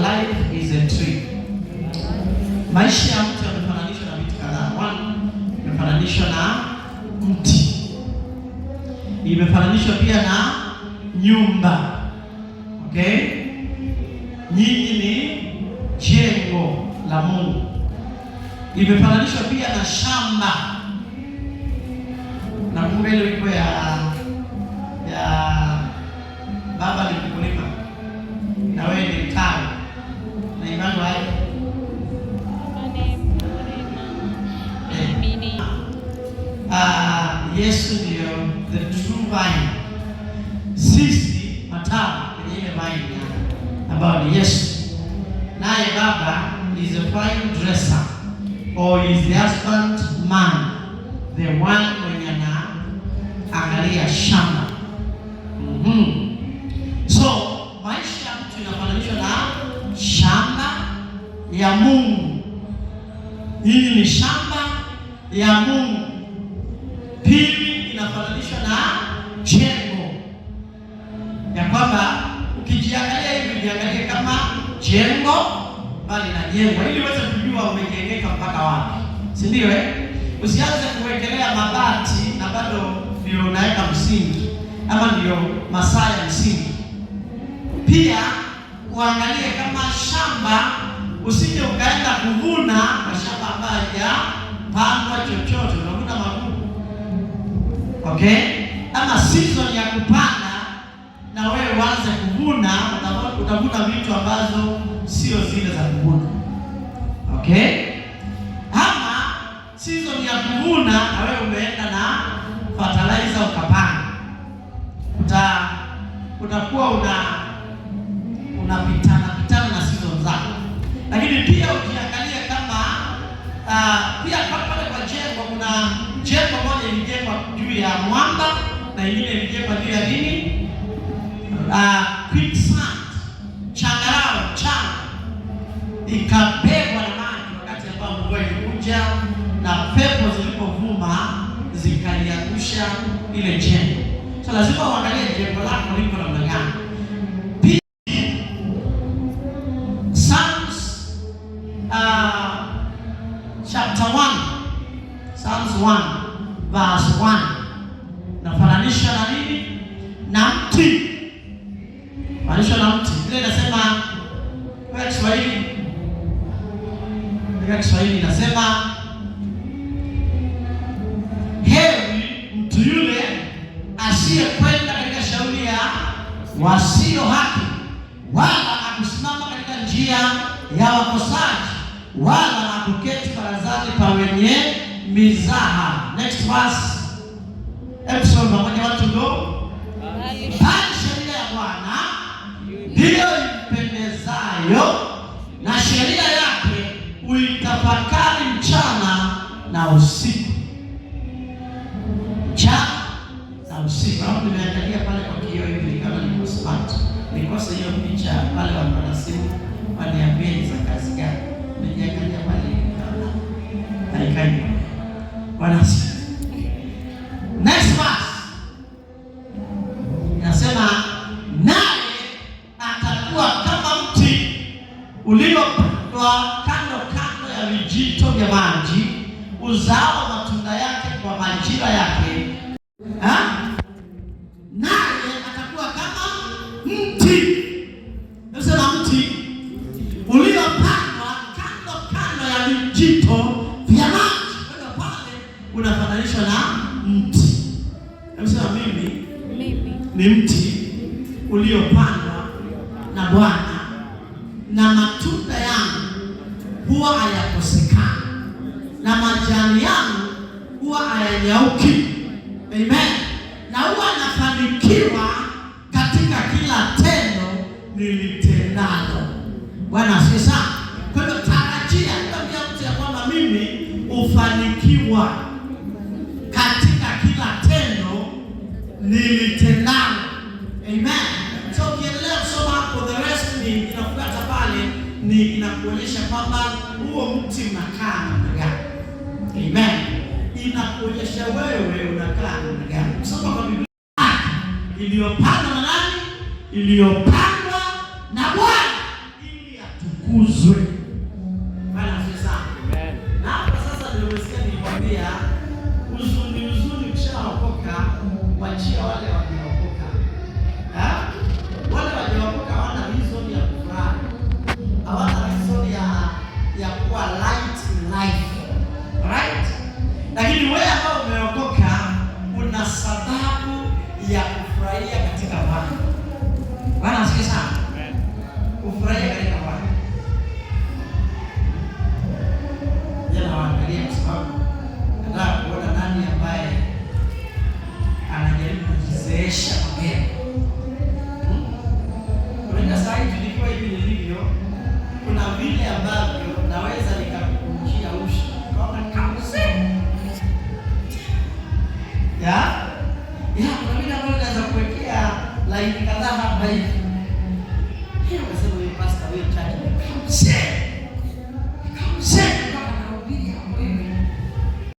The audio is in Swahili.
life is a trip. Maisha ya mtu yamefananishwa na vitu kadhaa. Imefananishwa na mti, imefananishwa pia na nyumba. Okay, nyinyi ni jengo la Mungu. Imefananishwa pia na shamba na kumbe ile ya ya baba Yesu ndiyo the true vine, sisi matawi kwenye ile vine ambayo ni Yesu, naye Baba is a fine dresser or is the husband man, the one mwenye na angalia shamba Mhm. mm So maisha ya mtu inafananishwa na shamba ya Mungu. Hili ni shamba ya Mungu kuambatanishwa na jengo, ya kwamba ukijiangalia hivi jiangalie kama jengo bali na jengo, ili uweze kujua umejengeka mpaka wapi, si ndio? Eh, usianze kuwekelea mabati na bado ndio unaweka msingi ama ndio masaa ya msingi. Pia uangalie kama shamba, usije ukaenda kuvuna mashamba ambayo hajapandwa chochote, unakuta okay, ama season ya kupanda na wewe uanze kuvuna, utavuna vitu ambazo sio zile za kuvuna okay, ama season ya kuvuna na wewe umeenda na fertilizer ukapanda, uta utakuwa una unapitana pitana na season zako, lakini pia ukiangalia kama uh, na ingine kwa ajili ya nini? Uh, ah, quicksand, changarawe, changa ikabebwa na maji wakati ambao mvua ilikuja na pepo zilipovuma zikaliangusha ile jengo. So lazima uangalie jengo lako mti, manisho na mti ile inasema kwa Kiswahili, kwa Kiswahili inasema heri mtu yule asiyekwenda katika shauri ya wasio haki, wala akusimama katika njia ya wakosaji, wala akuketi barazani pa wenye mizaha. Next verse, hebu pamoja watu ndio ndiyo impendezayo na sheria yake uitafakari mchana na usiku, mchana na usiku. Au nimeangalia pale kwa kioo hivi kama nilivyosipata nikose hiyo picha pale, wakanasimu waniambie ni za kazi gani, nimejiangalia pale, haikai uh, wanasi kando kando ya vijito vya maji, uzao matunda yake kwa majira yake, naye atakuwa kama mti nasema, mti uliopandwa kando kando ya vijito vya maji, kwenda pale unafananishwa na mti. Nasema mimi ni mti uliopandwa na Bwana na matunda yangu huwa hayakosekana na majani yangu huwa hayanyauki. Amen, na huwa nafanikiwa katika kila tendo nilitendalo. Bwana asifiwe sana. Kwa hiyo tarajia, ndio mtu ya kwamba mimi ufanikiwa katika kila tendo nilitendalo. ni inakuonyesha kwamba huo mti unakaa namna gani. Amen, inakuonyesha wewe unakaa namna gani, kwa kwa Biblia iliyopandwa na nani? Iliyopandwa na Bwana ili atukuzwe. Amen. Na hapa sasa ndio nimesikia nikwambia, uzuni uzuni, ukishaokoka wachia wale wa hivi nilivyo, kuna vile ambavyo naweza ushi ya naweza kuwekea laini kadhaa hapa hivi. Hiyo chaji